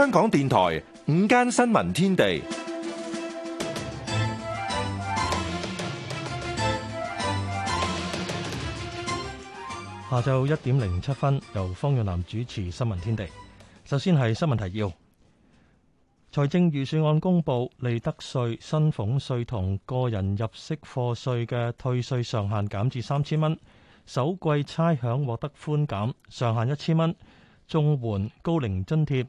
香港電台午間新聞天地，下晝一點零七分由方潤南主持新聞天地。首先係新聞提要：財政預算案公布，利得稅、薪俸稅同個人入息課稅嘅退稅上限減至三千蚊，首季差餉獲得寬減，上限一千蚊，綜援高齡津貼。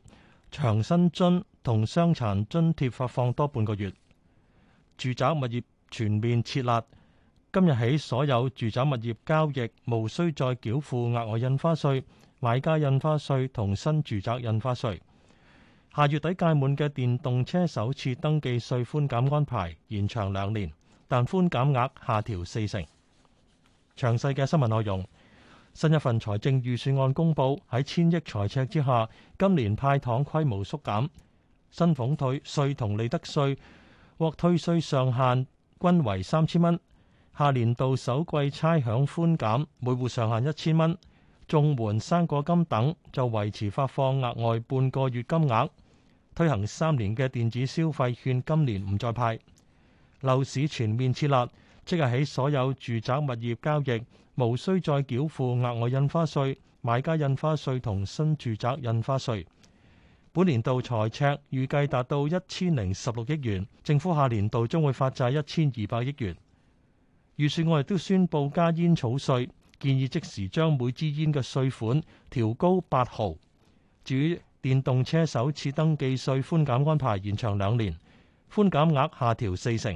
長生津同傷殘津貼發放多半個月，住宅物業全面撤辣。今日起，所有住宅物業交易無需再繳付額外印花稅、買家印花稅同新住宅印花稅。下月底屆滿嘅電動車首次登記稅寬減安排延長兩年，但寬減額下調四成。詳細嘅新聞內容。新一份財政預算案，公佈喺千億財赤之下，今年派糖規模縮減，薪俸退稅同利得稅獲退稅上限均為三千蚊。下年度首季差餉寬減，每戶上限一千蚊。綜援生果金等就維持發放額外半個月金額。推行三年嘅電子消費券今年唔再派。樓市全面撤辣，即日起所有住宅物業交易。無需再繳付額外印花稅、買家印花稅同新住宅印花稅。本年度財赤預計達到一千零十六億元，政府下年度將會發債一千二百億元。預算案亦都宣布，加煙草稅，建議即時將每支煙嘅稅款調高八毫。至於電動車首次登記稅寬減安排延長兩年，寬減額下調四成。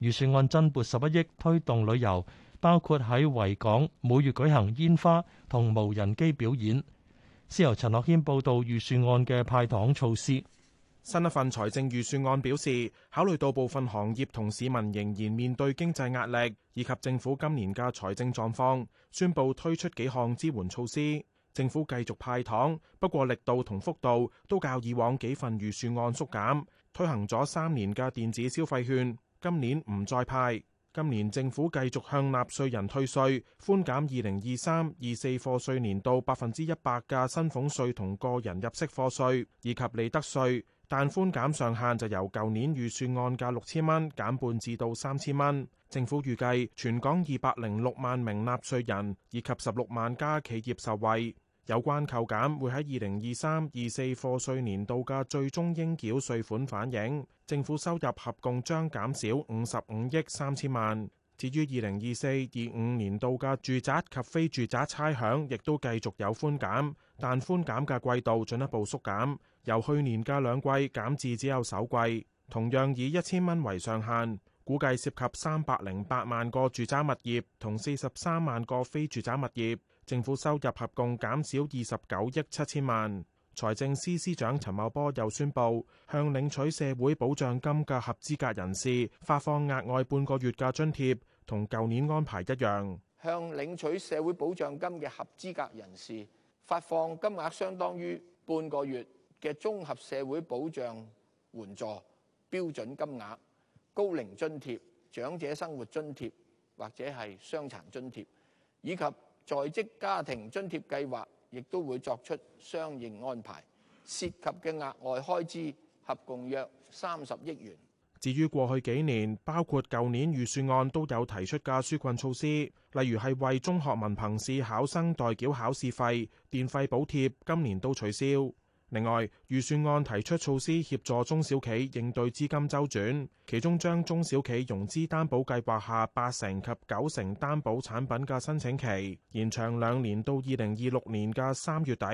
預算案增撥十一億推動旅遊，包括喺維港每月舉行煙花同無人機表演，先由陳樂謙報道預算案嘅派糖措施。新一份財政預算案表示，考慮到部分行業同市民仍然面對經濟壓力，以及政府今年嘅財政狀況，宣布推出幾項支援措施。政府繼續派糖，不過力度同幅度都較以往幾份預算案縮減。推行咗三年嘅電子消費券，今年唔再派。今年政府繼續向納稅人退稅，寬減二零二三二四課稅年度百分之一百嘅薪俸稅同個人入息課稅以及利得稅，但寬減上限就由舊年預算案嘅六千蚊減半至到三千蚊。政府預計全港二百零六萬名納稅人以及十六萬家企業受惠。有關扣減會喺二零二三、二四課稅年度嘅最終應繳稅款反映，政府收入合共將減少五十五億三千萬。至於二零二四、二五年度嘅住宅及非住宅差餉，亦都繼續有寬減，但寬減嘅季度進一步縮減，由去年嘅兩季減至只有首季，同樣以一千蚊為上限。估計涉及三百零八萬個住宅物業同四十三萬個非住宅物業，政府收入合共減少二十九億七千萬。財政司司長陳茂波又宣布，向領取社會保障金嘅合資格人士發放額外半個月嘅津貼，同舊年安排一樣。向領取社會保障金嘅合資格人士發放金額相當於半個月嘅綜合社會保障援助標準金額。高齡津貼、長者生活津貼或者係傷殘津貼，以及在職家庭津貼計劃，亦都會作出相應安排。涉及嘅額外開支合共約三十億元。至於過去幾年，包括舊年預算案都有提出嘅紓困措施，例如係為中學文憑試考生代繳考試費、電費補貼，今年都取消。另外，預算案提出措施協助中小企應對資金周轉，其中將中小企融資擔保計劃下八成及九成擔保產品嘅申請期延長兩年到二零二六年嘅三月底，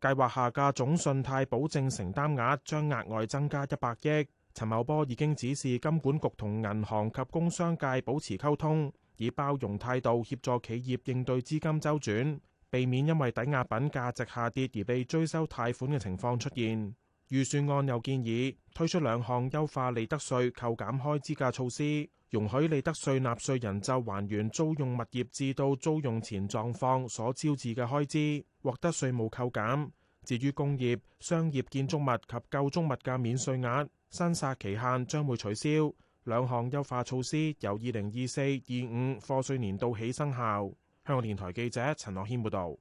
計劃下嘅總信貸保證承擔額將額外增加一百億。陳茂波已經指示金管局同銀行及工商界保持溝通，以包容態度協助企業應對資金周轉。避免因為抵押品價值下跌而被追收貸款嘅情況出現。預算案又建議推出兩項優化利得稅扣減開支嘅措施，容許利得稅納稅人就還原租用物業至到租用前狀況所招致嘅開支獲得稅務扣減。至於工業、商業建築物及構築物的免稅額申索期限將會取消。兩項優化措施由二零二四、二五課稅年度起生效。香港電台記者陳樂謙報道，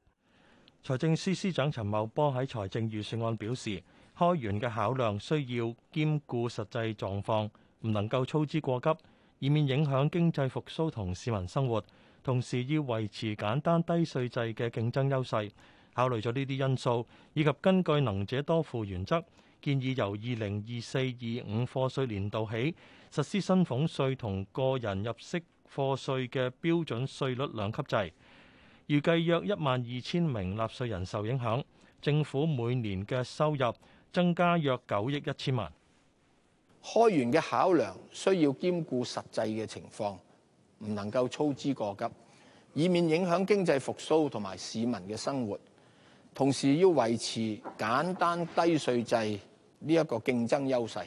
財政司司長陳茂波喺財政預算案表示，開源嘅考量需要兼顧實際狀況，唔能夠操之過急，以免影響經濟復甦同市民生活。同時要維持簡單低稅制嘅競爭優勢，考慮咗呢啲因素，以及根據能者多付原則，建議由二零二四二五課稅年度起實施薪俸稅同個人入息課稅嘅標準稅率兩級制，預計約一萬二千名納稅人受影響，政府每年嘅收入增加約九億一千萬。開源嘅考量需要兼顧實際嘅情況，唔能夠操之過急，以免影響經濟復甦同埋市民嘅生活。同時要維持簡單低稅制呢一個競爭優勢。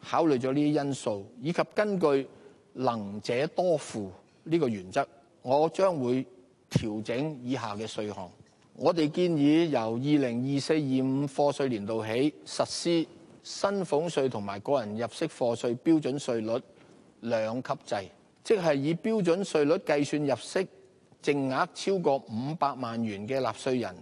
考慮咗呢啲因素，以及根據。能者多付呢個原則，我將會調整以下嘅稅項，我哋建議由二零二四二五課稅年度起實施薪俸稅同埋個人入息課稅標準稅率兩級制，即係以標準稅率計算入息淨額超過五百萬元嘅納稅人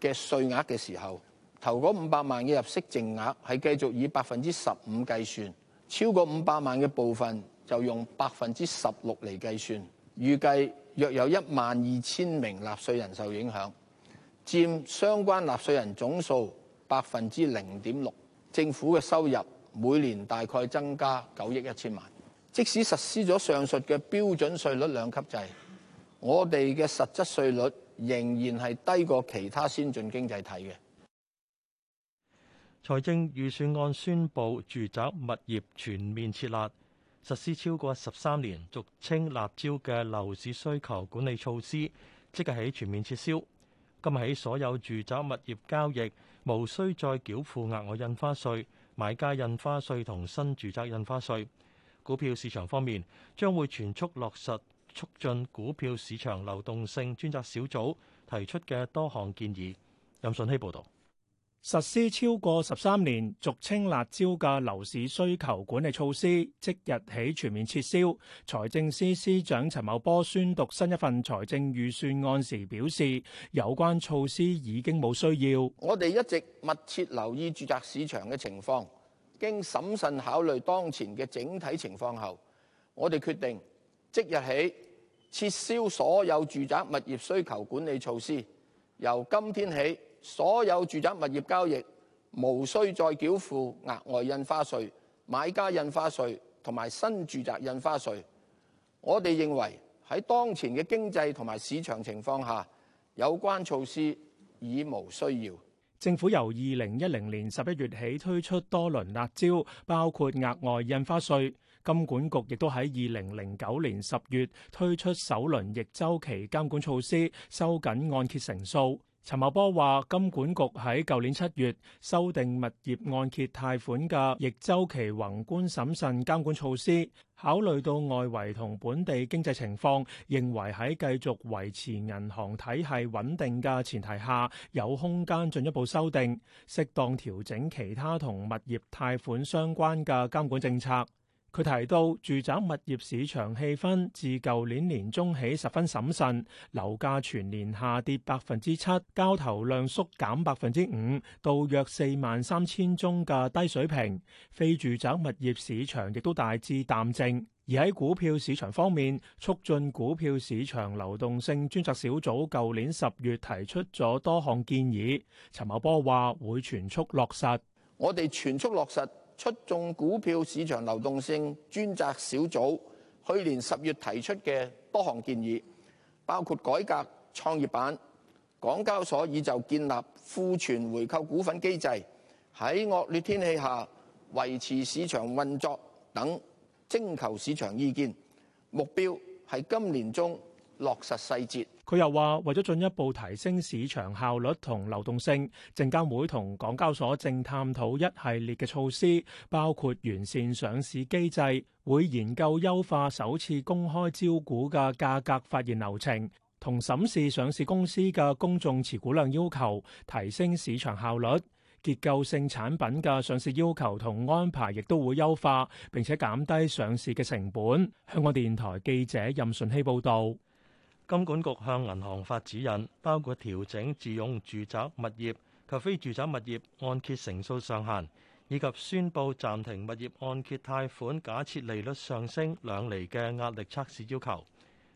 嘅稅額嘅時候，頭嗰五百萬嘅入息淨額，係繼續以百分之十五計算，超過五百萬嘅部分。就用百分之十六嚟計算，預計約有一萬二千名納稅人受影響，佔相關納稅人總數百分之零點六。政府嘅收入每年大概增加九億一千萬，即使實施咗上述嘅標準稅率兩級制，我哋嘅實質稅率仍然係低過其他先進經濟體嘅。財政預算案宣布住宅物業全面設立。實施超過十三年，俗稱辣招嘅樓市需求管理措施，即日起全面撤銷。今日起，所有住宅物業交易，無需再繳付額外印花稅、買家印花稅同新住宅印花稅。股票市場方面，將會全速落實促進股票市場流動性專責小組提出嘅多項建議。任信希報導。實施超過十三年，俗稱辣招嘅樓市需求管理措施，即日起全面撤銷。財政司司長陳茂波宣讀新一份財政預算案時表示，有關措施已經冇需要。我哋一直密切留意住宅市場嘅情況，經審慎考慮當前嘅整體情況後，我哋決定即日起撤銷所有住宅物業需求管理措施，由今天起。所有住宅物業交易無需再繳付額外印花稅、買家印花稅同埋新住宅印花稅。我哋認為喺當前嘅經濟同埋市場情況下，有關措施已無需要。政府由二零一零年十一月起推出多輪辣招，包括額外印花稅。金管局亦都喺二零零九年十月推出首輪逆周期監管措施，收緊按揭成數。陳茂波話，金管局喺舊年七月修訂物業按揭貸款嘅逆周期宏觀審慎監管措施，考慮到外圍同本地經濟情況，認為喺繼續維持銀行體系穩定嘅前提下，有空間進一步修訂，適當調整其他同物業貸款相關嘅監管政策。佢提到，住宅物業市場氣氛自舊年年中起十分審慎，樓價全年下跌百分之七，交投量縮減百分之五，到約四萬三千宗嘅低水平。非住宅物業市場亦都大致淡靜。而喺股票市場方面，促進股票市場流動性專責小組舊年十月提出咗多項建議，陳茂波話會全速落實。我哋全速落實。出眾股票市場流動性專責小組去年十月提出嘅多項建議，包括改革創業板、港交所已就建立庫存回購股份機制、喺惡劣天氣下維持市場運作等，徵求市場意見，目標係今年中，落實細節，佢又話為咗進一步提升市場效率同流動性，證監會同港交所正探討一系列嘅措施，包括完善上市機制，會研究優化首次公開招股嘅價格發現流程，同審視上市公司嘅公眾持股量要求，提升市場效率。結構性產品嘅上市要求同安排亦都會優化，並且減低上市嘅成本。香港電台記者任順希報道。金管局向銀行發指引，包括調整自用住宅物業及非住宅物業按揭成數上限，以及宣布暫停物業按揭貸款假設利率上升兩厘嘅壓力測試要求。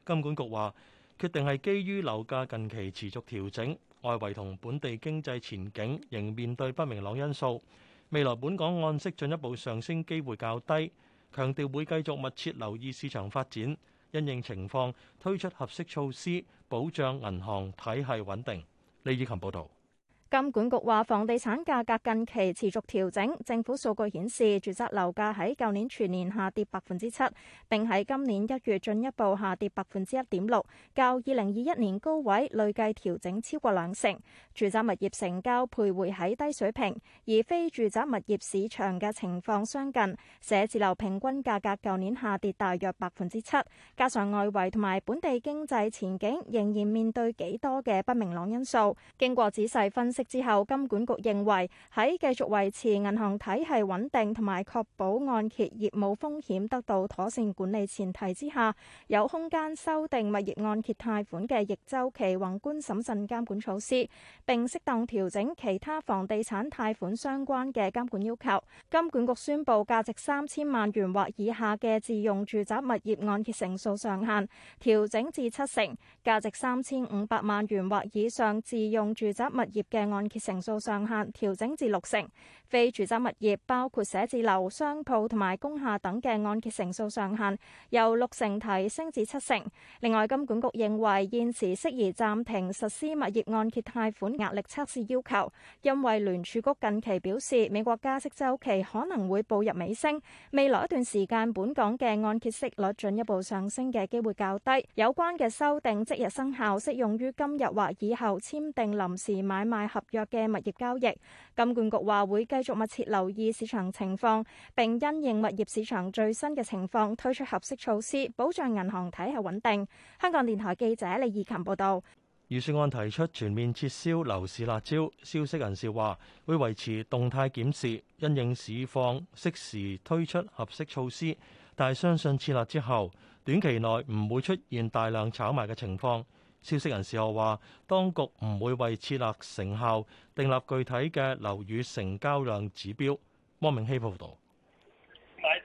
金管局話：決定係基於樓價近期持續調整、外圍同本地經濟前景仍面對不明朗因素，未來本港按息進一步上升機會較低。強調會繼續密切留意市場發展。因應情況，推出合適措施，保障銀行體系穩定。李以琴報導。金管局話，房地產價格近期持續調整。政府數據顯示，住宅樓價喺舊年全年下跌百分之七，並喺今年一月進一步下跌百分之一點六，較二零二一年高位累計調整超過兩成。住宅物業成交徘徊喺低水平，而非住宅物業市場嘅情況相近。寫字樓平均價格舊年下跌大約百分之七，加上外圍同埋本地經濟前景仍然面對幾多嘅不明朗因素。經過仔細分析。之後，金管局認為喺繼續維持銀行體系穩定同埋確保按揭業務風險得到妥善管理前提之下，有空間修訂物業按揭貸款嘅逆周期宏觀審慎監管措施，並適當調整其他房地產貸款相關嘅監管要求。金管局宣布，價值三千萬元或以下嘅自用住宅物業按揭成數上限調整至七成，價值三千五百萬元或以上自用住宅物業嘅按揭成數上限調整至六成，非住宅物業包括寫字樓、商鋪同埋工廈等嘅按揭成數上限由六成提升至七成。另外，金管局認為現時適宜暫停實施物業按揭貸款壓力測試要求，因為聯儲局近期表示美國加息周期可能會步入尾聲，未來一段時間本港嘅按揭息率進一步上升嘅機會較低。有關嘅修訂即日生效，適用於今日或以後簽訂臨時買賣合同。約嘅物業交易，金管局話會繼續密切留意市場情況，並因應物業市場最新嘅情況推出合適措施，保障銀行體系穩定。香港電台記者李義琴報道。預算案提出全面撤銷樓市辣招，消息人士話會維持動態檢視，因應市況適時推出合適措施，但係相信撤辣之後短期內唔會出現大量炒賣嘅情況。消息人士又話，當局唔會為設立成效訂立具體嘅樓宇成交量指標。汪明希報道。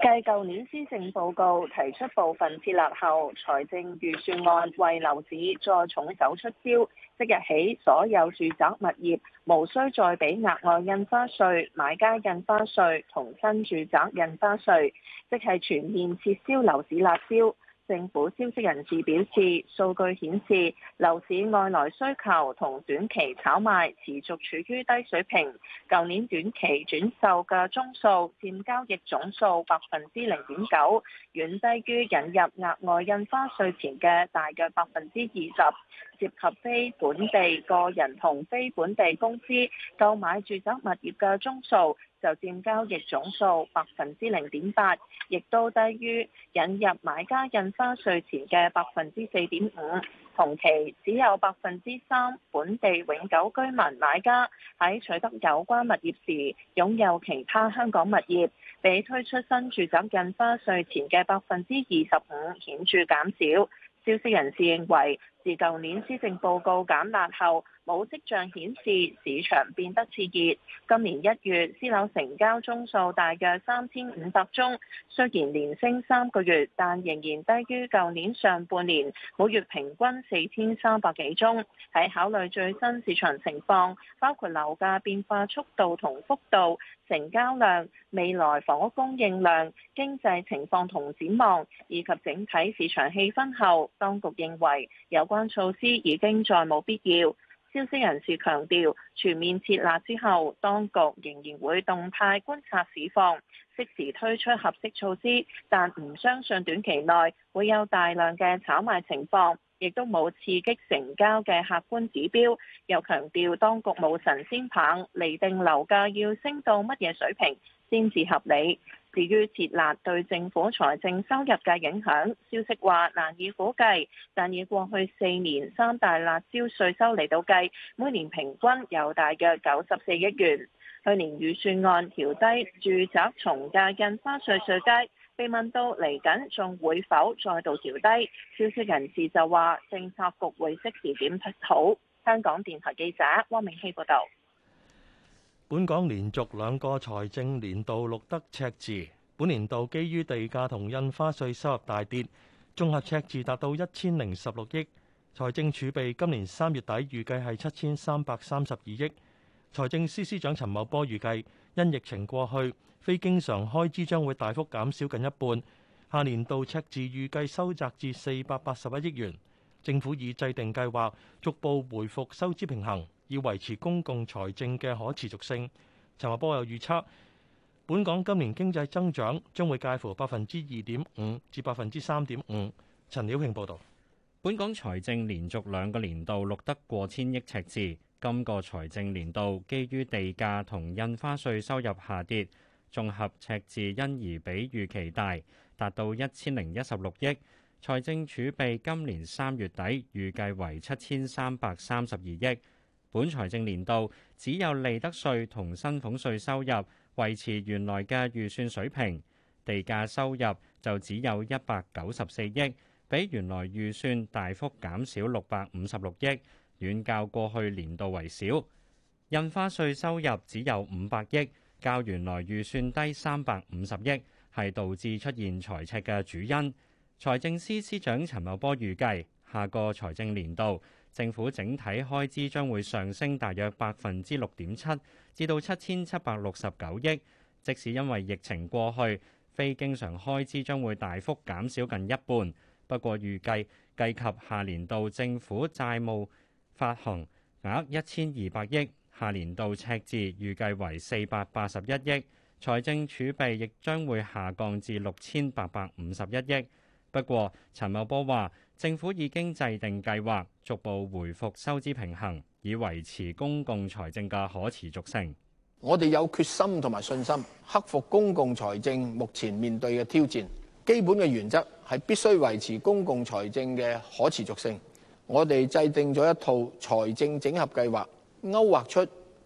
繼舊年施政報告提出部分設立後，財政預算案為樓市再重手出招。即日起，所有住宅物業無需再俾額外印花稅、買家印花稅同新住宅印花稅，即係全面撤銷樓市辣招。政府消息人士表示，數據顯示樓市外來需求同短期炒賣持續處於低水平。舊年短期轉售嘅宗數佔交易總數百分之零點九，遠低於引入額外印花稅前嘅大約百分之二十，涉及非本地個人同非本地公司購買住宅物業嘅宗數。就佔交易總數百分之零點八，亦都低於引入買家印花稅前嘅百分之四點五。同期只有百分之三本地永久居民買家喺取得有關物業時擁有其他香港物業，比推出新住宅印花稅前嘅百分之二十五顯著減少。消息人士認為：自舊年施政報告減壓後，冇跡象顯示市場變得熾熱。今年一月，私樓成交宗數大約三千五百宗，雖然連升三個月，但仍然低於舊年上半年，每月平均四千三百幾宗。喺考慮最新市場情況，包括樓價變化速度同幅度，成交量、未來房屋供應量、經濟情況同展望，以及整體市場氣氛後，當局認為有關措施已經再冇必要。消息人士強調，全面撤辣之後，當局仍然會動態觀察市況，適時推出合適措施，但唔相信短期內會有大量嘅炒賣情況，亦都冇刺激成交嘅客觀指標。又強調當局冇神仙棒嚟定樓價要升到乜嘢水平先至合理。至於設立對政府財政收入嘅影響，消息話難以估計，但以過去四年三大辣招稅收嚟到計，每年平均有大約九十四億元。去年預算案調低住宅從價印花稅稅低，被問到嚟緊仲會否再度調低，消息人士就話政策局會適時檢討。香港電台記者汪明希報道。本港連續兩個財政年度錄得赤字，本年度基於地價同印花稅收入大跌，綜合赤字達到一千零十六億。財政儲備今年三月底預計係七千三百三十二億。財政司司長陳茂波預計，因疫情過去，非經常開支將會大幅減少近一半。下年度赤字預計收窄至四百八十一億元。政府已制定計劃，逐步回復收支平衡。要維持公共財政嘅可持續性，陳茂波有預測，本港今年經濟增長將會介乎百分之二點五至百分之三點五。陳曉慶報導，本港財政連續兩個年度錄得過千億赤字，今個財政年度基於地價同印花稅收入下跌，綜合赤字因而比預期大，達到一千零一十六億。財政儲備今年三月底預計為七千三百三十二億。本財政年度只有利得稅同薪俸稅收入維持原來嘅預算水平，地價收入就只有一百九十四億，比原來預算大幅減少六百五十六億，遠較過去年度為少。印花稅收入只有五百億，較原來預算低三百五十億，係導致出現財赤嘅主因。財政司司長陳茂波預計，下個財政年度，政府整體開支將會上升大約百分之六點七，至到七千七百六十九億。即使因為疫情過去，非經常開支將會大幅減少近一半。不過預計計及下年度政府債務發行額一千二百億，下年度赤字預計為四百八十一億，財政儲備亦將會下降至六千八百五十一億。不過，陳茂波話：政府已經制定計劃，逐步回復收支平衡，以維持公共財政嘅可持續性。我哋有決心同埋信心，克服公共財政目前面對嘅挑戰。基本嘅原則係必須維持公共財政嘅可持續性。我哋制定咗一套財政整合計劃，勾畫出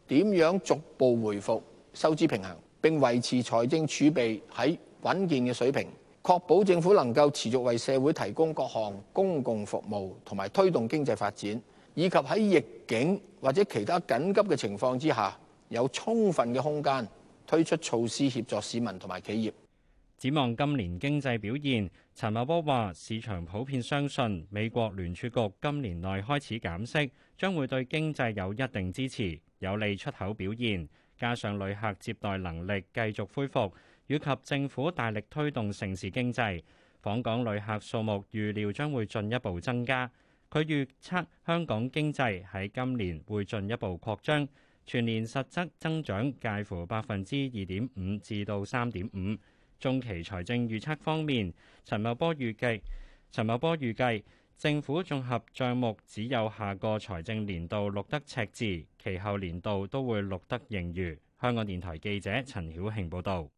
點樣逐步回復收支平衡，並維持財政儲備喺穩健嘅水平。確保政府能夠持續為社會提供各項公共服務，同埋推動經濟發展，以及喺逆境或者其他緊急嘅情況之下，有充分嘅空間推出措施協助市民同埋企業。展望今年經濟表現，陳茂波話：市場普遍相信美國聯儲局今年內開始減息，將會對經濟有一定支持，有利出口表現，加上旅客接待能力繼續恢復。以及政府大力推動城市經濟，訪港旅客數目預料將會進一步增加。佢預測香港經濟喺今年會進一步擴張，全年實質增長介乎百分之二點五至到三點五。中期財政預測方面，陳茂波預計，陳茂波預計政府綜合賬目只有下個財政年度錄得赤字，其後年度都會錄得盈餘。香港電台記者陳曉慶報道。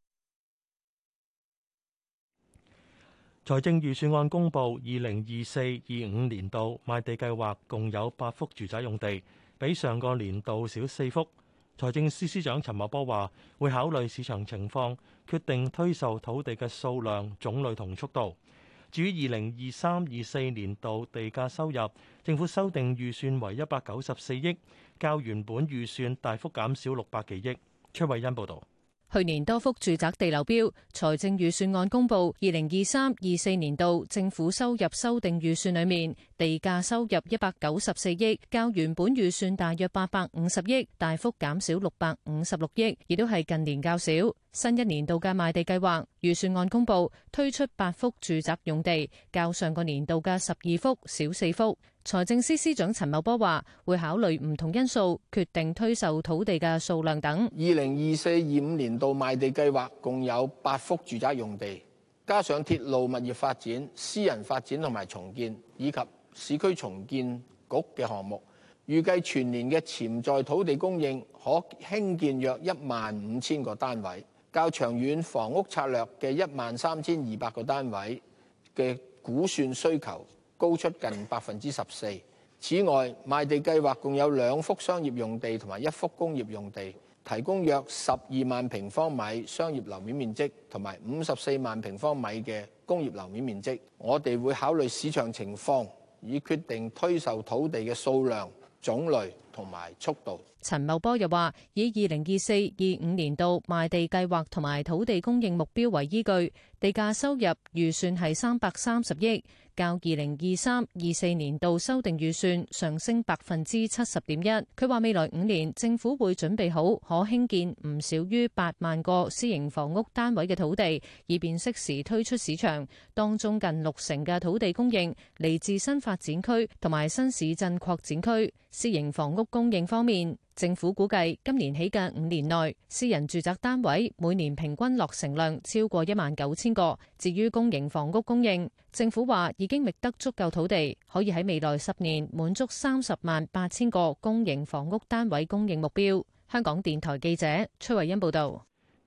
財政預算案公布，二零二四、二五年度賣地計劃，共有八幅住宅用地，比上個年度少四幅。財政司司長陳茂波話，會考慮市場情況，決定推售土地嘅數量、種類同速度。至於二零二三、二四年度地價收入，政府修訂預算為一百九十四億，較原本預算大幅減少六百幾億。崔慧欣報道。去年多幅住宅地流標，財政預算案公布，二零二三、二四年度政府收入修訂預算裏面。地價收入一百九十四億，較原本預算大約八百五十億，大幅減少六百五十六億，亦都係近年較少。新一年度嘅賣地計劃預算案公布，推出八幅住宅用地，較上個年度嘅十二幅少四幅。財政司司長陳茂波話，會考慮唔同因素，決定推售土地嘅數量等。二零二四二五年度賣地計劃共有八幅住宅用地，加上鐵路物業發展、私人發展同埋重建以及。市區重建局嘅項目預計全年嘅潛在土地供應可興建約一萬五千個單位，較長遠房屋策略嘅一萬三千二百個單位嘅估算需求高出近百分之十四。此外，賣地計劃共有兩幅商業用地同埋一幅工業用地，提供約十二萬平方米商業樓面面積同埋五十四萬平方米嘅工業樓面面積。我哋會考慮市場情況，以決定推售土地嘅數量、種類同埋速度。陳茂波又話，以二零二四、二五年度賣地計劃同埋土地供應目標為依據，地價收入預算係三百三十億，較二零二三、二四年度修訂預算上升百分之七十點一。佢話，未來五年政府會準備好可興建唔少於八萬個私營房屋單位嘅土地，以便適時推出市場。當中近六成嘅土地供應嚟自新發展區同埋新市鎮擴展區。私營房屋供應方面，政府估計今年起嘅五年內，私人住宅單位每年平均落成量超過一萬九千個。至於公營房屋供應，政府話已經覓得足夠土地，可以喺未來十年滿足三十萬八千個公營房屋單位供應目標。香港電台記者崔慧欣報道。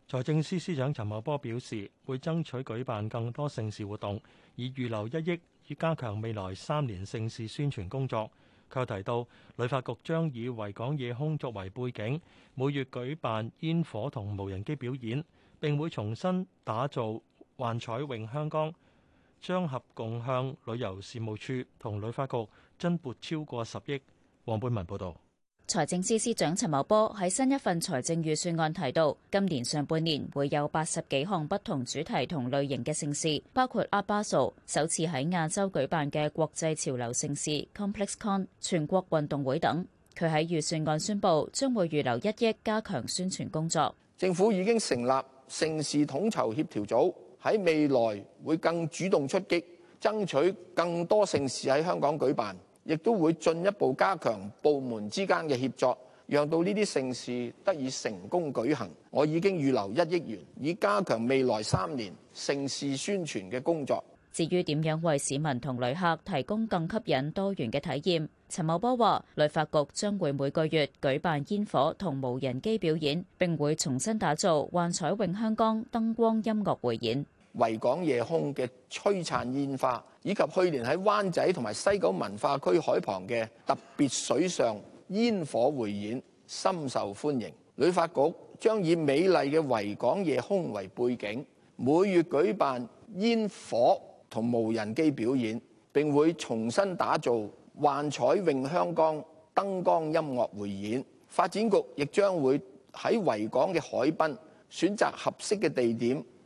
財政司司長陳茂波表示，會爭取舉辦更多盛事活動，以預留一億，以加強未來三年盛事宣傳工作。佢提到，旅發局將以維港夜空作為背景，每月舉辦煙火同無人機表演，並會重新打造幻彩詠香江。將合共向旅遊事務處同旅發局增撥超過十億。黃本文報導。財政司司長陳茂波喺新一份財政預算案提到，今年上半年會有八十幾項不同主題同類型嘅盛事，包括阿巴素首次喺亞洲舉辦嘅國際潮流盛事 ComplexCon、全國運動會等。佢喺預算案宣布，將會預留一億加強宣傳工作。政府已經成立盛事統籌協調組，喺未來會更主動出擊，爭取更多盛事喺香港舉辦。亦都會進一步加強部門之間嘅協作，讓到呢啲盛事得以成功舉行。我已經預留一億元，以加強未來三年盛事宣傳嘅工作。至於點樣為市民同旅客提供更吸引多元嘅體驗，陳茂波話：旅發局將會每個月舉辦煙火同無人機表演，並會重新打造幻彩詠香江燈光音樂匯演。維港夜空嘅璀璨煙花，以及去年喺灣仔同埋西九文化區海旁嘅特別水上煙火匯演，深受歡迎。旅發局將以美麗嘅維港夜空為背景，每月舉辦煙火同無人機表演，並會重新打造幻彩詠香江燈光音樂匯演。發展局亦將會喺維港嘅海濱選擇合適嘅地點。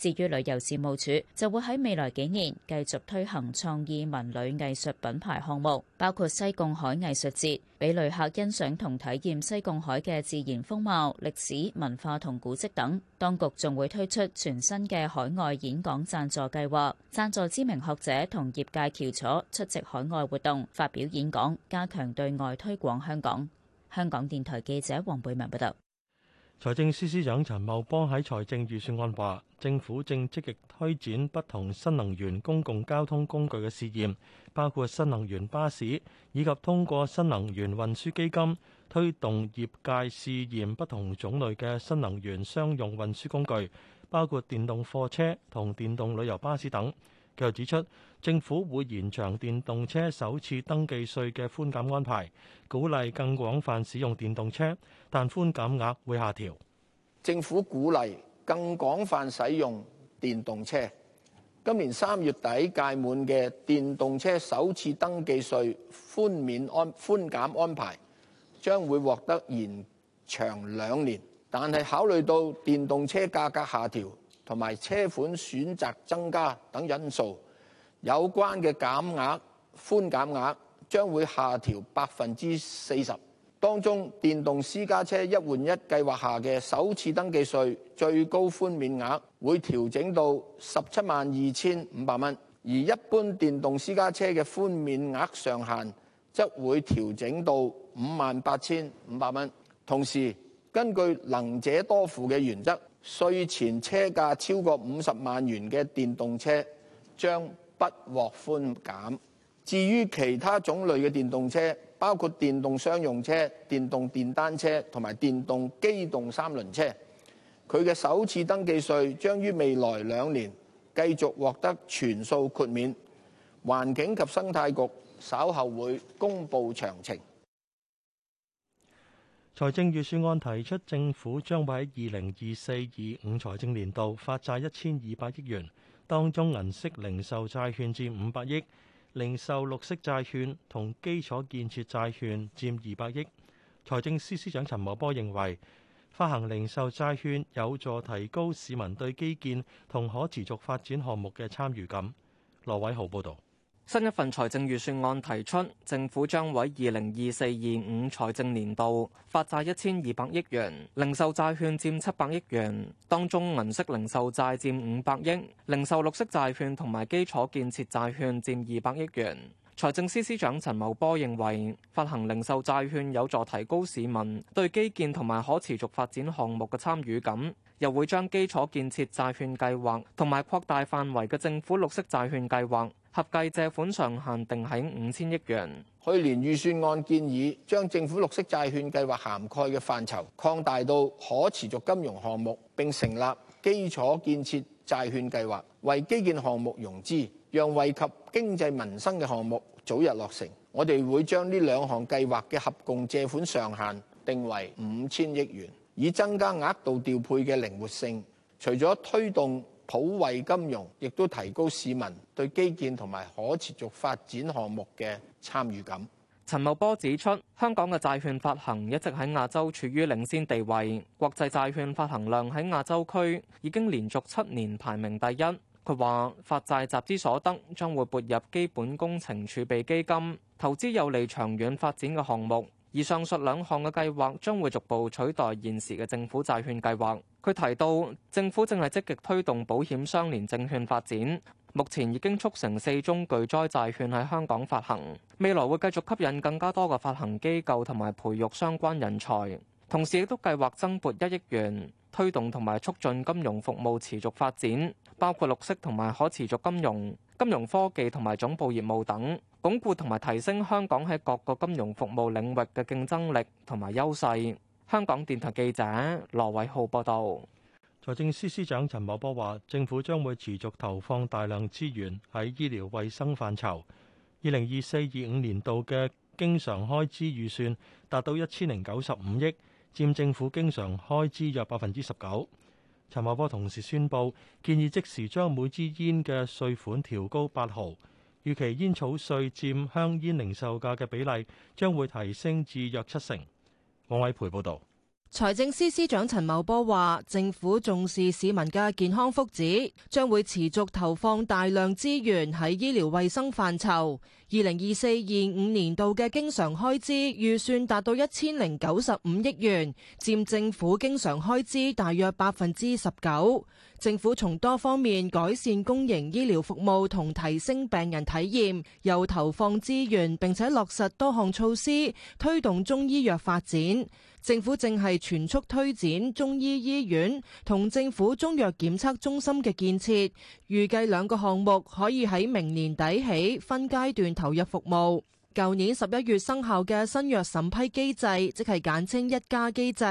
至於旅遊事務處，就會喺未來幾年繼續推行創意文旅藝術品牌項目，包括西貢海藝術節，俾旅客欣賞同體驗西貢海嘅自然風貌、歷史、文化同古蹟等。當局仲會推出全新嘅海外演講贊助計劃，贊助知名學者同業界翹楚出席海外活動，發表演講，加強對外推廣香港。香港電台記者黃貝文報道。財政司司長陳茂波喺財政預算案話，政府正積極推展不同新能源公共交通工具嘅試驗，包括新能源巴士，以及通過新能源運輸基金推動業界試驗不同種類嘅新能源商用運輸工具，包括電動貨車同電動旅遊巴士等。佢又指出，政府會延長電動車首次登記稅嘅寬減安排，鼓勵更廣泛使用電動車，但寬減額會下調。政府鼓勵更廣泛使用電動車，今年三月底屆滿嘅電動車首次登記稅寬免安寬減安排將會獲得延長兩年，但係考慮到電動車價格下調。同埋車款選擇增加等因素，有關嘅減額、寬減額將會下調百分之四十。當中電動私家車一換一計劃下嘅首次登記稅最高寬免額會調整到十七萬二千五百蚊，而一般電動私家車嘅寬免額上限則會調整到五萬八千五百蚊。同時，根據能者多付嘅原則，稅前車價超過五十萬元嘅電動車將不獲寬減。至於其他種類嘅電動車，包括電動商用車、電動電單車同埋電動機動三輪車，佢嘅首次登記稅將於未來兩年繼續獲得全數豁免。環境及生態局稍後會公布詳情。財政預算案提出，政府將會喺二零二四二五財政年度發債一千二百億元，當中銀色零售債券佔五百億，零售綠色債券同基礎建設債券佔二百億。財政司司長陳茂波認為，發行零售債券有助提高市民對基建同可持續發展項目嘅參與感。羅偉豪報導。新一份財政預算案提出，政府將為二零二四二五財政年度發債一千二百億元，零售債券佔七百億元，當中銀色零售債佔五百億，零售綠色債券同埋基礎建設債券佔二百億元。財政司司長陳茂波認為，發行零售債券有助提高市民對基建同埋可持續發展項目嘅參與感，又會將基礎建設債券計劃同埋擴大範圍嘅政府綠色債券計劃。合計借款上限定喺五千億元。去年預算案建議將政府綠色債券計劃涵蓋嘅範疇擴大到可持續金融項目，並成立基礎建設債券計劃，為基建項目融資，讓惠及經濟民生嘅項目早日落成。我哋會將呢兩項計劃嘅合共借款上限定為五千億元，以增加額度調配嘅靈活性。除咗推動普惠金融，亦都提高市民對基建同埋可持續發展項目嘅參與感。陳茂波指出，香港嘅債券發行一直喺亞洲處於領先地位，國際債券發行量喺亞洲區已經連續七年排名第一。佢話發債集資所得將會撥入基本工程儲備基金，投資有利長遠發展嘅項目，而上述兩項嘅計劃將會逐步取代現時嘅政府債券計劃。佢提到，政府正係積極推動保險相連證券發展，目前已經促成四宗巨災債券喺香港發行，未來會繼續吸引更加多嘅發行機構同埋培育相關人才，同時亦都計劃增撥一億元推動同埋促進金融服務持續發展，包括綠色同埋可持續金融、金融科技同埋總部業務等，鞏固同埋提升香港喺各個金融服務領域嘅競爭力同埋優勢。香港電台記者羅偉浩報道，財政司司司長陳茂波話，政府將會持續投放大量資源喺醫療衛生範疇。二零二四二五年度嘅經常開支預算達到一千零九十五億，佔政府經常開支約百分之十九。陳茂波同時宣布，建議即時將每支煙嘅稅款調高八毫，預期煙草稅佔香煙零售價嘅比例將會提升至約七成。王偉培報道。財政司司長陳茂波話，政府重視市民嘅健康福祉，將會持續投放大量資源喺醫療衛生範疇。二零二四二五年度嘅經常開支預算達到一千零九十五億元，佔政府經常開支大約百分之十九。政府從多方面改善公營醫療服務同提升病人體驗，又投放資源並且落實多項措施推動中醫藥發展。政府正係全速推展中醫醫院同政府中藥檢測中心嘅建設，預計兩個項目可以喺明年底起分階段投入服務。舊年十一月生效嘅新藥審批機制，即係簡稱一加機制，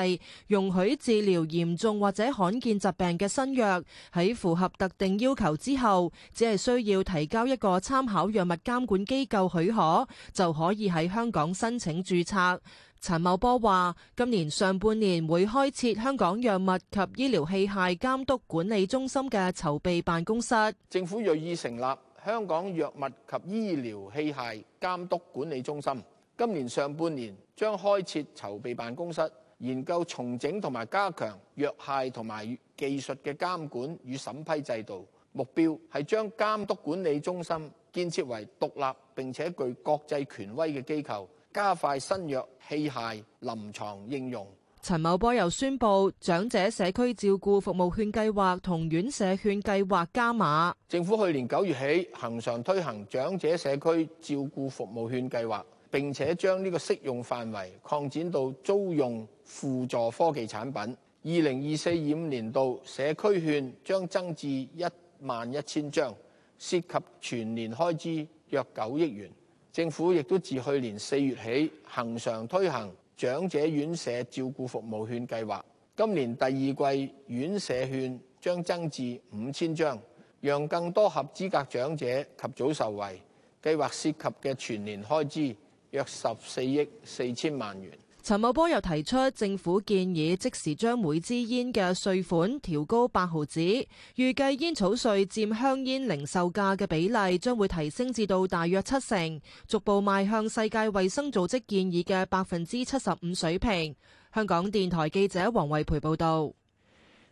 容許治療嚴重或者罕見疾病嘅新藥喺符合特定要求之後，只係需要提交一個參考藥物監管機構許可，就可以喺香港申請註冊。陳茂波話，今年上半年會開設香港藥物及醫療器械監督管理中心嘅籌備辦公室。政府銳意成立香港藥物及醫療器械監督管理中心，今年上半年將開設籌備辦公室，研究重整同埋加強藥械同埋技術嘅監管與審批制度。目標係將監督管理中心建設為獨立並且具國際權威嘅機構。加快新藥器械臨床應用。陳茂波又宣布長者社區照顧服務券計劃同院舍券計劃加碼。政府去年九月起恒常推行長者社區照顧服務券計劃，並且將呢個適用範圍擴展到租用輔助科技產品。二零二四二五年度，社區券將增至一萬一千張，涉及全年開支約九億元。政府亦都自去年四月起，恆常推行長者院舍照顧服務券計劃，今年第二季院舍券將增至五千張，讓更多合資格長者及早受惠。計劃涉及嘅全年開支約十四億四千萬元。陳茂波又提出，政府建議即時將每支煙嘅稅款調高八毫子，預計煙草稅占香煙零售價嘅比例將會提升至到大約七成，逐步邁向世界衛生組織建議嘅百分之七十五水平。香港電台記者黃慧培報道。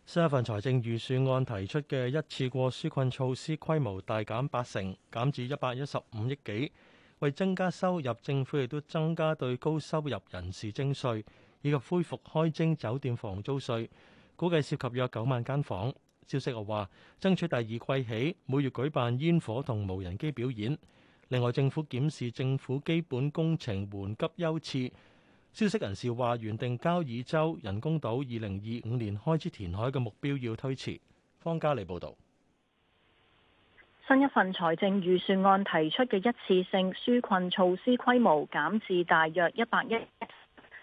新一份財政預算案提出嘅一次過紓困措施規模大減八成，減至一百一十五億幾。為增加收入，政府亦都增加對高收入人士徵稅，以及恢復開徵酒店房租稅，估計涉及約九萬間房。消息又話，爭取第二季起每月舉辦煙火同無人機表演。另外，政府檢視政府基本工程緩急優次。消息人士話，原定交椅洲人工島二零二五年開始填海嘅目標要推遲。方家利報導。新一份財政預算案提出嘅一次性紓困措施規模減至大約一百億，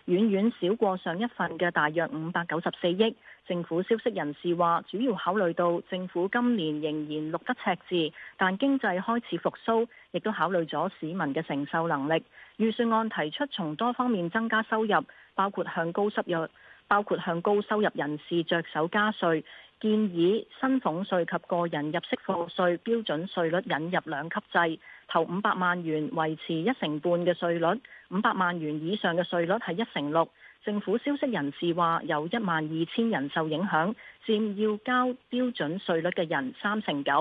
遠遠少過上一份嘅大約五百九十四億。政府消息人士話，主要考慮到政府今年仍然錄得赤字，但經濟開始復甦，亦都考慮咗市民嘅承受能力。預算案提出從多方面增加收入，包括向高收入、包括向高收入人士着手加稅。建議薪俸稅及個人入息課稅標準稅率引入兩級制，頭五百萬元維持一成半嘅稅率，五百萬元以上嘅稅率係一成六。政府消息人士話，有一萬二千人受影響，佔要交標準稅率嘅人三成九，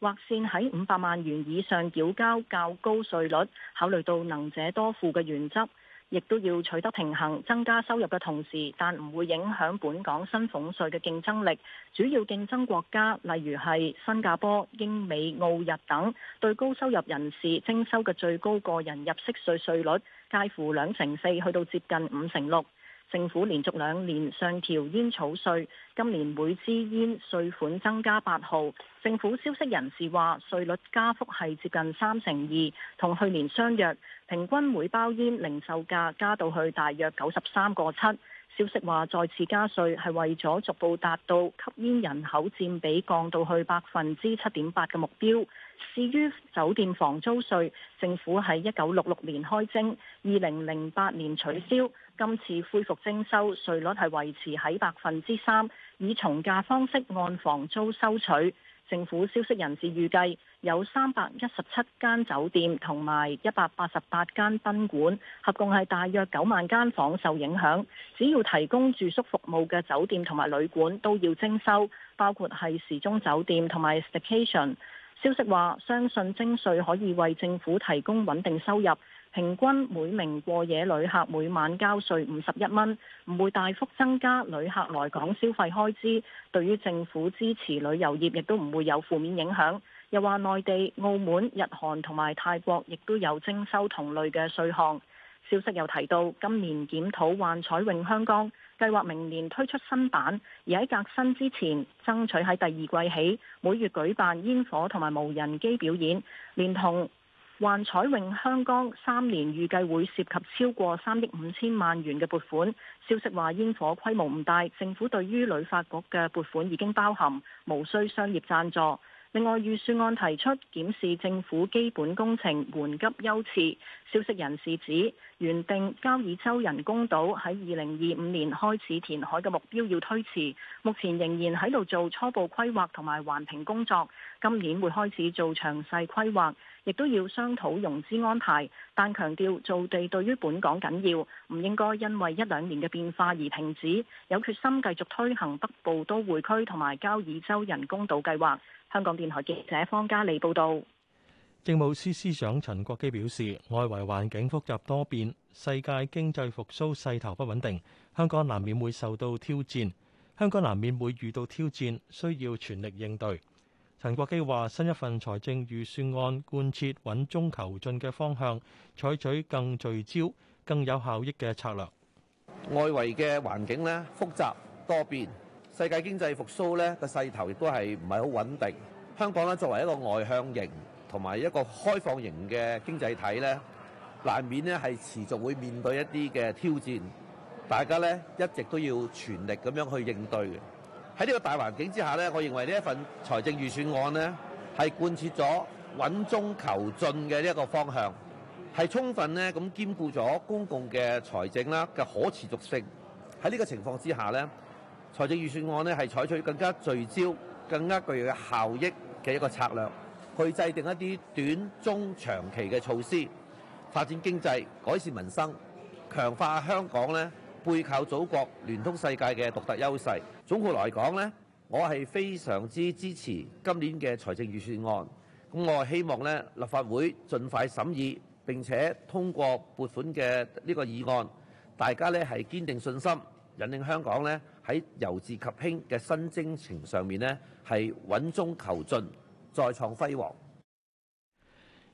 劃線喺五百萬元以上繳交較高稅率。考慮到能者多付嘅原則。亦都要取得平衡，增加收入嘅同時，但唔會影響本港薪俸稅嘅競爭力。主要競爭國家，例如係新加坡、英美、澳日等，對高收入人士徵收嘅最高個人入息稅稅率，介乎兩成四去到接近五成六。政府連續兩年上調煙草稅，今年每支煙稅款增加八毫。政府消息人士話，稅率加幅係接近三成二，同去年相若。平均每包煙零售價加到去大約九十三個七。消息話再次加稅係為咗逐步達到吸煙人口佔比降到去百分之七點八嘅目標。至於酒店房租稅，政府喺一九六六年開徵，二零零八年取消，今次恢復徵收，稅率係維持喺百分之三，以從價方式按房租收取。政府消息人士預計有三百一十七間酒店同埋一百八十八間賓館，合共係大約九萬間房受影響。只要提供住宿服務嘅酒店同埋旅館都要徵收，包括係時鐘酒店同埋 staycation。消息話，相信徵稅可以為政府提供穩定收入。平均每名過夜旅客每晚交稅五十一蚊，唔會大幅增加旅客來港消費開支，對於政府支持旅遊業亦都唔會有負面影響。又話內地、澳門、日韓同埋泰國亦都有徵收同類嘅稅項。消息又提到，今年檢討幻彩詠香江，計劃明年推出新版，而喺革新之前，爭取喺第二季起每月舉辦煙火同埋無人機表演，連同，幻彩詠香江三年預計會涉及超過三億五千萬元嘅撥款。消息話煙火規模唔大，政府對於旅發局嘅撥款已經包含，無需商業贊助。另外預算案提出檢視政府基本工程緩急優次。消息人士指，原定交椅洲人工島喺二零二五年開始填海嘅目標要推遲，目前仍然喺度做初步規劃同埋環評工作，今年會開始做詳細規劃。亦都要商討融資安排，但強調造地對於本港緊要，唔應該因為一兩年嘅變化而停止，有決心繼續推行北部都會區同埋交椅洲人工島計劃。香港電台記者方嘉利報道。政務司司長陳國基表示，外圍環境複雜多變，世界經濟復甦勢頭不穩定，香港難免會受到挑戰。香港難免會遇到挑戰，需要全力應對。陳國基話：新一份財政預算案貫徹穩中求進嘅方向，採取更聚焦、更有效益嘅策略。外圍嘅環境呢，複雜多變，世界經濟復甦呢嘅勢頭亦都係唔係好穩定。香港呢，作為一個外向型同埋一個開放型嘅經濟體呢，難免呢係持續會面對一啲嘅挑戰，大家呢一直都要全力咁樣去應對嘅。喺呢個大環境之下呢，我認為呢一份財政預算案呢係貫徹咗穩中求進嘅呢一個方向，係充分呢咁兼顧咗公共嘅財政啦嘅可持續性。喺呢個情況之下呢，財政預算案呢係採取更加聚焦、更加具有效益嘅一個策略，去制定一啲短、中、長期嘅措施，發展經濟、改善民生、強化香港呢背靠祖國、聯通世界嘅獨特優勢。總括來講呢，我係非常之支持今年嘅財政預算案。咁我希望咧，立法會盡快審議並且通過撥款嘅呢個議案。大家咧係堅定信心，引領香港咧喺由治及興嘅新征程上面咧係穩中求進，再創輝煌。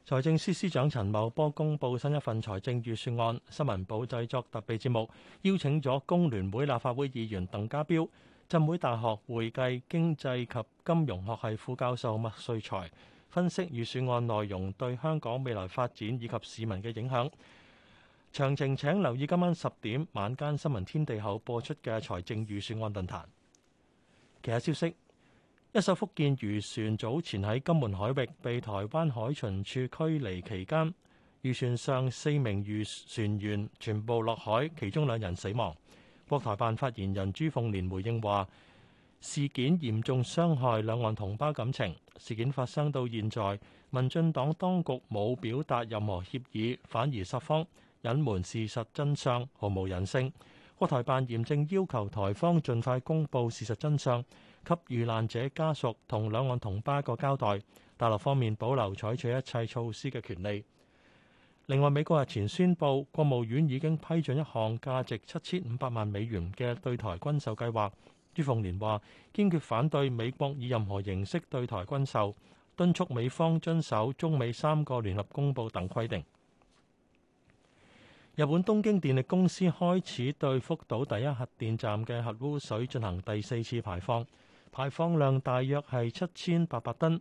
財政司司長陳茂波公布新一份財政預算案。新聞部製作特別節目，邀請咗工聯會立法會議員鄧家彪。浸會大學會計、經濟及金融學系副教授麥瑞才分析預算案內容對香港未來發展以及市民嘅影響。詳情請留意今晚十點晚間新聞天地後播出嘅財政預算案論壇。其他消息：一艘福建漁船早前喺金門海域被台灣海巡處驅離期間，漁船上四名漁船員全部落海，其中兩人死亡。國台辦發言人朱鳳蓮回應話，事件嚴重傷害兩岸同胞感情。事件發生到現在，民進黨當局冇表達任何協議，反而十方隱瞞事實真相，毫無人性。國台辦嚴正要求台方盡快公布事實真相，給遇難者家屬同兩岸同胞一個交代。大陸方面保留採取一切措施嘅權利。另外，美國日前宣布，國務院已經批准一項價值七千五百萬美元嘅對台軍售計劃。朱鳳蓮話：堅決反對美國以任何形式對台軍售，敦促美方遵守中美三個聯合公佈等規定。日本東京電力公司開始對福島第一核電站嘅核污水進行第四次排放，排放量大約係七千八百噸。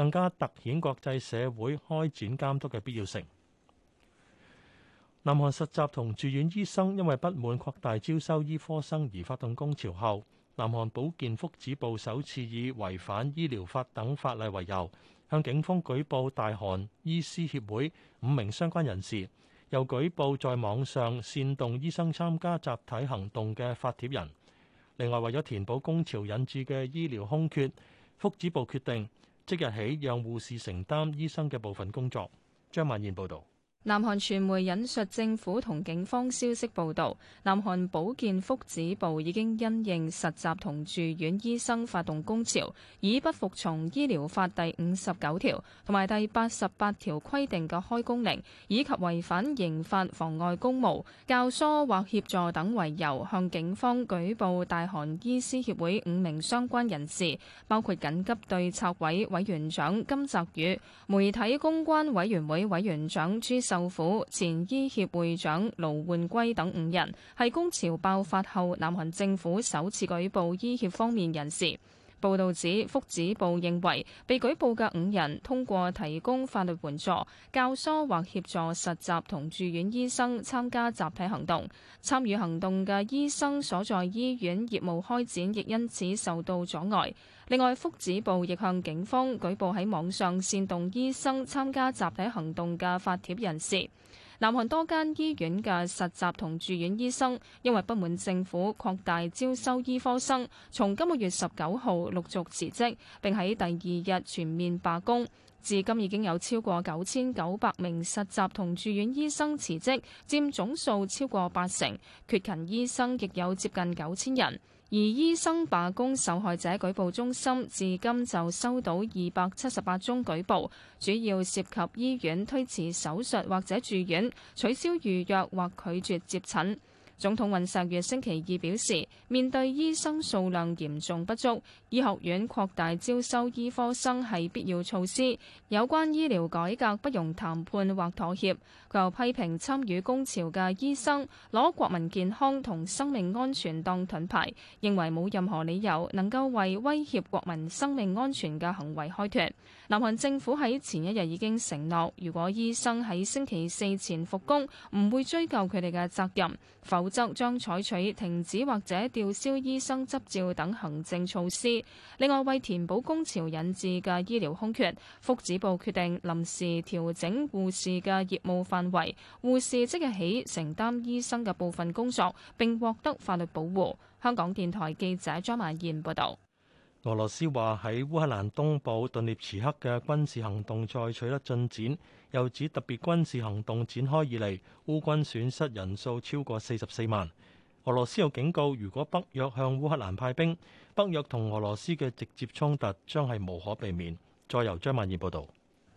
更加突顯國際社會開展監督嘅必要性。南韓實習同住院醫生因為不滿擴大招收醫科生而發動工潮後，南韓保健福祉部首次以違反醫療法等法例為由，向警方舉報大韓醫師協會五名相關人士，又舉報在網上煽動醫生參加集體行動嘅發帖人。另外，為咗填補工潮引致嘅醫療空缺，福祉部決定，即日起，讓護士承擔醫生嘅部分工作。張曼燕報道。南韓傳媒引述政府同警方消息報道，南韓保健福祉部已經因應實習同住院醫生發動工潮，以不服從醫療法第五十九條同埋第八十八條規定嘅開工令，以及違反刑法妨礙公務、教唆或協助等為由，向警方舉報大韓醫師協會五名相關人士，包括緊急對策委委員長金澤宇、媒體公關委員會委員長朱。受苦前醫協會長盧煥圭等五人係工潮爆發後南韓政府首次舉報醫協方面人士。報道指，福祉部認為被舉報嘅五人通過提供法律援助，教唆或協助實習同住院醫生參加集體行動，參與行動嘅醫生所在醫院業務開展亦因此受到阻礙。另外，福祉部亦向警方舉報喺網上煽動醫生參加集體行動嘅發帖人士。南韓多間醫院嘅實習同住院醫生因為不滿政府擴大招收醫科生，從今個月十九號陸續辭職，並喺第二日全面罷工。至今已經有超過九千九百名實習同住院醫生辭職，佔總數超過八成。缺勤醫生亦有接近九千人。而醫生罷工受害者舉報中心至今就收到二百七十八宗舉報，主要涉及醫院推遲手術或者住院、取消預約或拒絕接診。總統尹錫悅星期二表示，面對醫生數量嚴重不足，醫學院擴大招收醫科生係必要措施。有關醫療改革不容談判或妥協。佢又批評參與工潮嘅醫生攞國民健康同生命安全當盾牌，認為冇任何理由能夠為威脅國民生命安全嘅行為開脫。南韓政府喺前一日已經承諾，如果醫生喺星期四前復工，唔會追究佢哋嘅責任，否則將採取停止或者吊銷醫生執照等行政措施。另外，為填補工潮引致嘅醫療空缺，福祉部決定臨時調整護士嘅業務範圍，護士即日起承擔醫生嘅部分工作，並獲得法律保護。香港電台記者張曼燕報道。俄羅斯話喺烏克蘭東部頓涅茨克嘅軍事行動再取得進展，又指特別軍事行動展開以嚟，烏軍損失人數超過四十四萬。俄羅斯又警告，如果北約向烏克蘭派兵，北約同俄羅斯嘅直接衝突將係無可避免。再由張曼儀報道。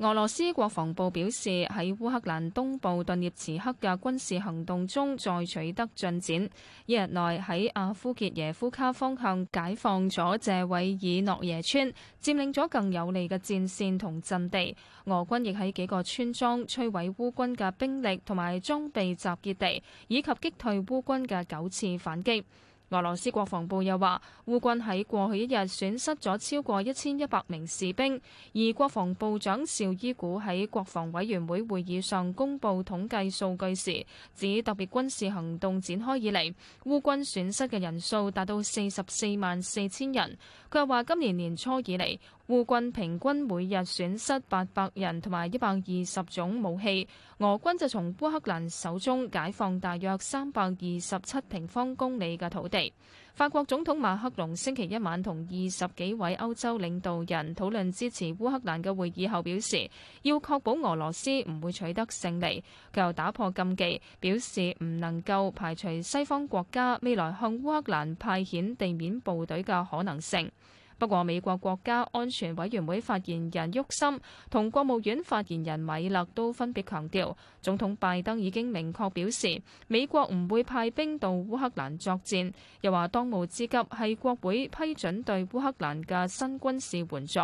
俄羅斯國防部表示，喺烏克蘭東部頓涅茨克嘅軍事行動中再取得進展，一日內喺阿夫傑耶夫卡方向解放咗謝維爾諾耶村，佔領咗更有利嘅戰線同陣地。俄軍亦喺幾個村莊摧毀烏軍嘅兵力同埋裝備集結地，以及擊退烏軍嘅九次反擊。俄羅斯國防部又話，烏軍喺過去一日損失咗超過一千一百名士兵，而國防部長邵伊古喺國防委員會會議上公布統計數據時，指特別軍事行動展開以嚟，烏軍損失嘅人數達到四十四萬四千人。佢又話，今年年初以嚟，烏軍平均每日損失800人同埋120種武器，俄軍就從烏克蘭手中解放大約327平方公里嘅土地。法國總統馬克龍星期一晚同20幾位歐洲領導人討論支持烏克蘭嘅會議後表示，要確保俄羅斯唔會取得勝利，佢又打破禁忌，表示唔能夠排除西方國家未來向烏克蘭派遣地面部隊嘅可能性。不過，美國國家安全委員會發言人沃森同國務院發言人米勒都分別強調，總統拜登已經明確表示，美國唔會派兵到烏克蘭作戰，又話當務之急係國會批准對烏克蘭嘅新軍事援助。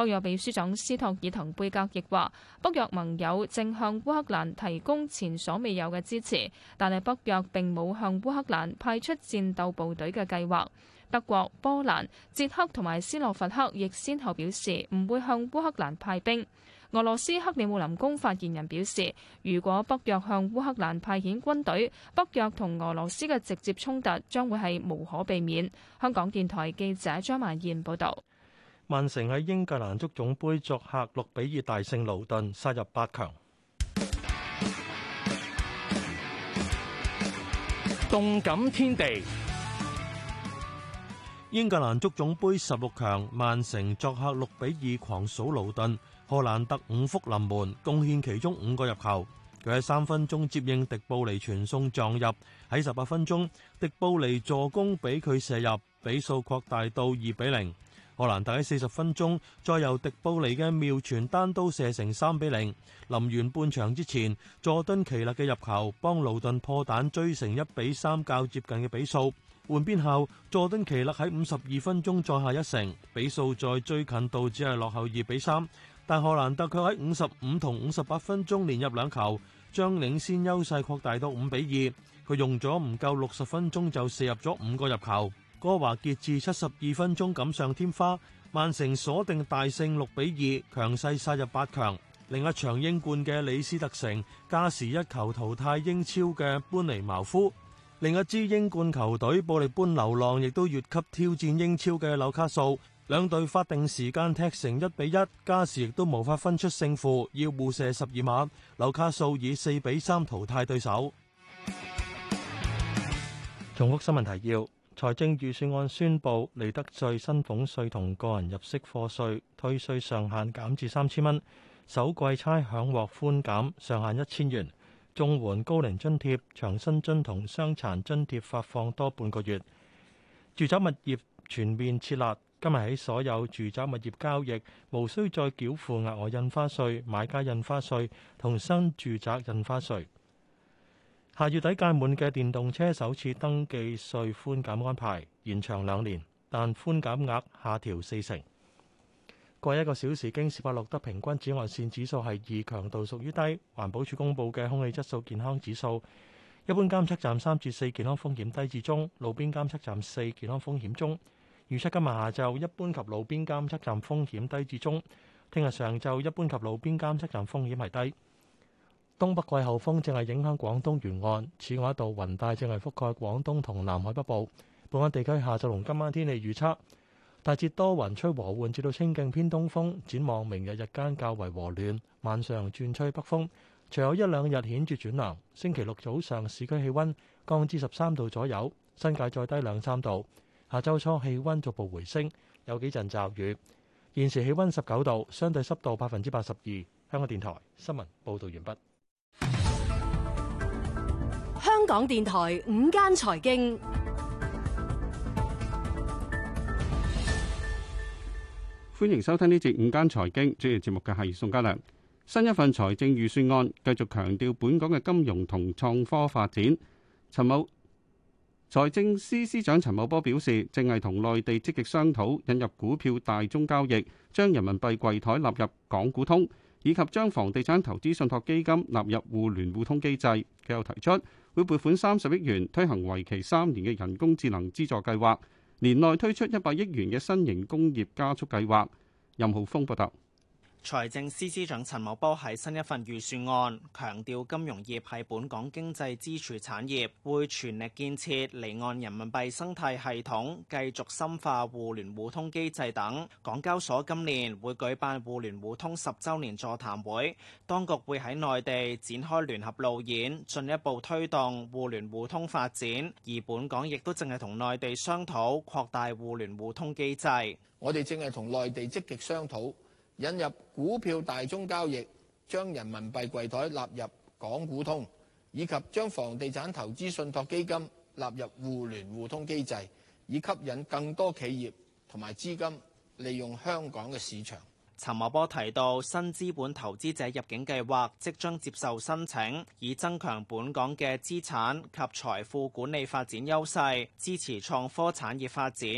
北約秘書長斯托爾滕貝格亦話，北約盟友正向烏克蘭提供前所未有嘅支持，但係北約並冇向烏克蘭派出戰鬥部隊嘅計劃。德國、波蘭、捷克同埋斯洛伐克亦先後表示唔會向烏克蘭派兵。俄羅斯克里姆林宮發言人表示，如果北約向烏克蘭派遣軍隊，北約同俄羅斯嘅直接衝突將會係無可避免。香港電台記者張曼燕報道。曼城喺英格蘭足總盃作客六比二大勝勞頓，殺入八強。動感天地，英格蘭足總盃十六強，曼城作客六比二狂掃勞頓。荷蘭特五福臨門，貢獻其中五個入球。佢喺三分鐘接應迪布尼傳送撞入，喺十八分鐘迪布尼助攻俾佢射入，比數擴大到二比零。荷蘭特喺四十分鐘再由迪布尼嘅妙傳單刀射成三比零，臨完半場之前，佐敦奇勒嘅入球幫盧頓破蛋追成一比三，較接近嘅比數。換邊後，佐敦奇勒喺五十二分鐘再下一城，比數再追近到只係落後二比三。但荷蘭特佢喺五十五同五十八分鐘連入兩球，將領先優勢擴大到五比二。佢用咗唔夠六十分鐘就射入咗五個入球。哥華杰至七十二分鐘錦上添花，曼城鎖定大勝六比二，強勢殺入八強。另一場英冠嘅李斯特城，加時一球淘汰英超嘅班尼茅夫。另一支英冠球隊布利般流浪亦都越級挑戰英超嘅紐卡素，兩隊法定時間踢成一比一，加時亦都無法分出勝負，要互射十二碼，紐卡素以四比三淘汰對手。重複新聞提要。財政預算案宣布，利得稅、薪俸稅同個人入息課稅退稅上限減至三千蚊，首季差餉獲寬減上限一千元，綜援高齡津貼、長生津同傷殘津貼發放多半個月。住宅物業全面設立，今日喺所有住宅物業交易，無需再繳付額外印花稅、買家印花稅同新住宅印花稅。下月底屆滿嘅電動車首次登記稅寬減安排延長兩年，但寬減額下調四成。過一個小時，京士柏錄得平均紫外線指數係二，強度屬於低。環保署公布嘅空氣質素健康指數，一般監測站三至四，健康風險低至中，路邊監測站四，健康風險中。預測今日下晝一般及路邊監測站風險低至中，聽日上晝一般及路邊監測站風險係低，低，低。東北季候風正係影響廣東沿岸，此外一道雲帶正係覆蓋廣東同南海北部。本港地區下晝同今晚天氣預測，大致多雲，吹和緩至到清勁偏東風。展望明日日間較為和暖，晚上轉吹北風，隨後有一兩日顯著轉涼。星期六早上市區氣溫降至十三度左右，新界再低兩三度。下周初氣溫逐步回升，有幾陣驟雨。現時氣溫十九度，相對濕度百分之八十二。香港電台新聞報道完畢。港電台午間財經歡迎收聽呢節午間財經主持節目嘅係宋嘉良。新一份財政預算案繼續強調本港嘅金融同創科發展。陳某財政司司,司長陳茂波表示，正係同內地積極商討引入股票大宗交易，將人民幣櫃台納入港股通，以及將房地產投資信託基金納入互聯互通機制。佢又提出。會撥款三十億元，推行為期三年嘅人工智能資助計劃，年內推出一百億元嘅新型工業加速計劃。任浩峰報道。財政司司長陳茂波喺新一份預算案強調，金融業係本港經濟支柱產業，會全力建設離岸人民幣生態系統，繼續深化互聯互通機制等。港交所今年會舉辦互聯互通十週年座談會，當局會喺內地展開聯合路演，進一步推動互聯互通發展。而本港亦都淨係同內地商討擴大互聯互通機制。我哋正係同內地積極商討。引入股票大宗交易，將人民幣櫃台納入港股通，以及將房地產投資信託基金納入互聯互通機制，以吸引更多企業同埋資金利用香港嘅市場。陳茂波提到，新資本投資者入境計劃即將接受申請，以增強本港嘅資產及財富管理發展優勢，支持創科產業發展。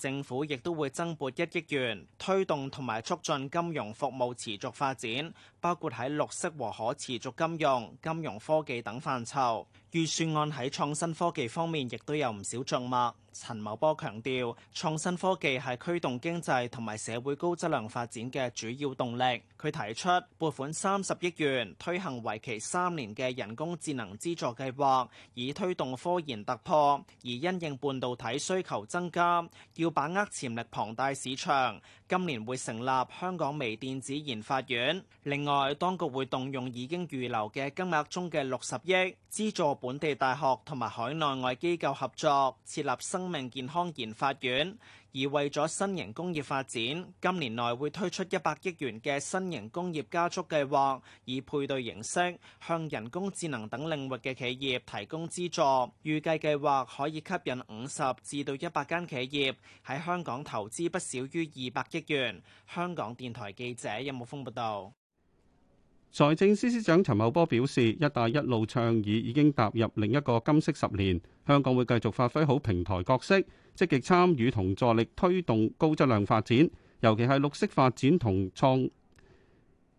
政府亦都會增撥一億元，推動同埋促進金融服務持續發展，包括喺綠色和可持續金融、金融科技等範疇。預算案喺創新科技方面亦都有唔少著墨。陳茂波強調，創新科技係驅動經濟同埋社會高質量發展嘅主要動力。佢提出撥款三十億元推行為期三年嘅人工智能資助計劃，以推動科研突破。而因應半導體需求增加，要把握潛力龐大市場。今年會成立香港微電子研發院。另外，當局會動用已經預留嘅金額中嘅六十億資助。本地大學同埋海內外機構合作設立生命健康研發院，而為咗新型工業發展，今年內會推出一百億元嘅新型工業加速計劃，以配對形式向人工智能等領域嘅企業提供資助，預計計劃可以吸引五十至到一百間企業喺香港投資不少於二百億元。香港電台記者任木風報道。財政司司長陳茂波表示，「一帶一路」倡議已經踏入另一個金色十年，香港會繼續發揮好平台角色，積極參與同助力推動高質量發展，尤其係綠色發展同創，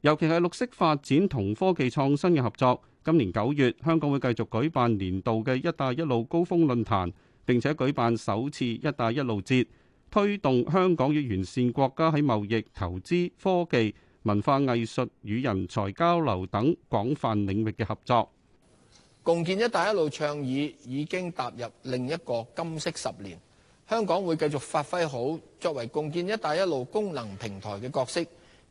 尤其係綠色發展同科技創新嘅合作。今年九月，香港會繼續舉辦年度嘅「一帶一路」高峰論壇，並且舉辦首次「一帶一路」節，推動香港要完善國家喺貿易、投資、科技、文化、藝術與人才交流等廣泛領域嘅合作，共建“一帶一路”倡議已經踏入另一個金色十年。香港會繼續發揮好作為共建“一帶一路”功能平台嘅角色，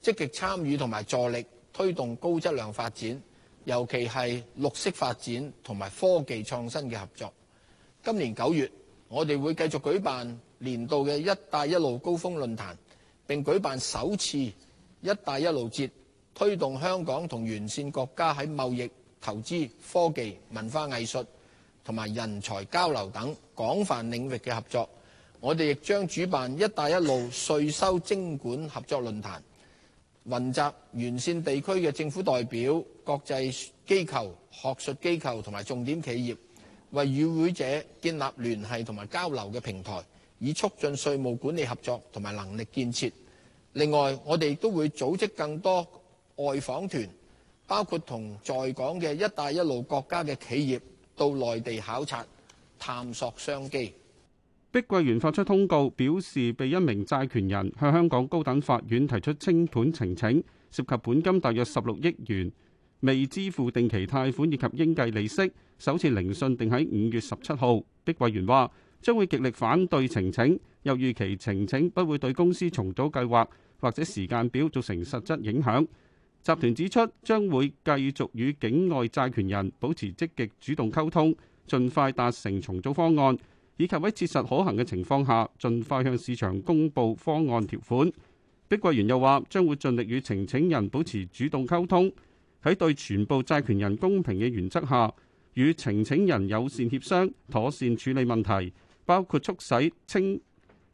積極參與同埋助力推動高質量發展，尤其係綠色發展同埋科技創新嘅合作。今年九月，我哋會繼續舉辦年度嘅“一帶一路”高峰論壇，並舉辦首次。「一帶一路」節推動香港同沿線國家喺貿易、投資、科技、文化藝術同埋人才交流等廣泛領域嘅合作。我哋亦將主辦「一帶一路」稅收徵管合作論壇，雲集沿線地區嘅政府代表、國際機構、學術機構同埋重點企業，為與會者建立聯繫同埋交流嘅平台，以促進稅務管理合作同埋能力建設。另外，我哋都會組織更多外訪團，包括同在港嘅「一帶一路」國家嘅企業到內地考察、探索商機。碧桂園發出通告表示被一名債權人向香港高等法院提出清盤呈請，涉及本金大約十六億元，未支付定期貸款以及應計利息，首次聆訊定喺五月十七號。碧桂園話，將會極力反對呈請，又預期呈請不會對公司重組計劃或者時間表造成實質影響。集團指出，將會繼續與境外債權人保持積極主動溝通，盡快達成重組方案，以及喺切實可行嘅情況下，盡快向市場公佈方案條款。碧桂園又話，將會盡力與呈請人保持主動溝通，喺對全部債權人公平嘅原則下，與呈請人友善協商，妥善處理問題。包括促使清，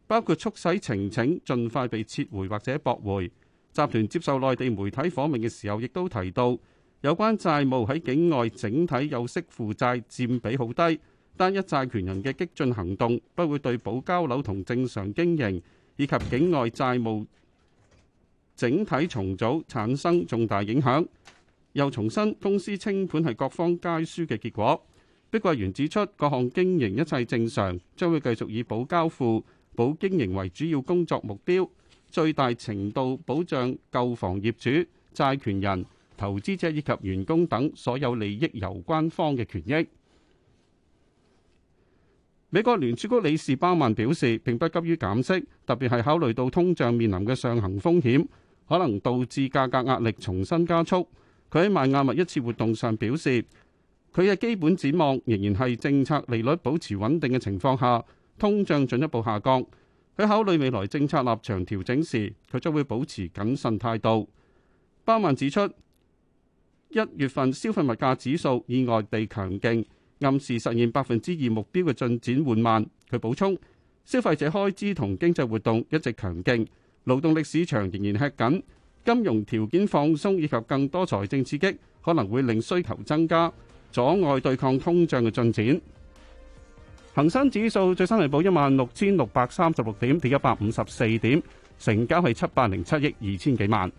包括促使呈請盡快被撤回或者駁回。集團接受內地媒體訪問嘅時候，亦都提到有關債務喺境外整體有息負債佔比好低，單一債權人嘅激進行動不會對保交樓同正常經營以及境外債務整體重組產生重大影響，又重申公司清盤係各方皆輸嘅結果。碧桂園指出，各項經營一切正常，將會繼續以保交付、保經營為主要工作目標，最大程度保障購房業主、債權人、投資者以及員工等所有利益攸關方嘅權益。美國聯儲局理事巴曼表示，並不急於減息，特別係考慮到通脹面臨嘅上行風險，可能導致價格壓力重新加速。佢喺邁阿密一次活動上表示。佢嘅基本展望仍然係政策利率保持穩定嘅情況下，通脹進一步下降。佢考慮未來政策立場調整時，佢將會保持謹慎態，態度。鮑曼指出，一月份消費物價指數意外地強勁，暗示實現百分之二目標嘅進展緩慢。佢補充，消費者開支同經濟活動一直強勁，勞動力市場仍然吃緊，金融條件放鬆以及更多財政刺激可能會令需求增加。阻礙對抗通脹嘅進展。恒生指數最新嚟報一萬六千六百三十六點，跌一百五十四點，成交係七百零七億二千幾萬。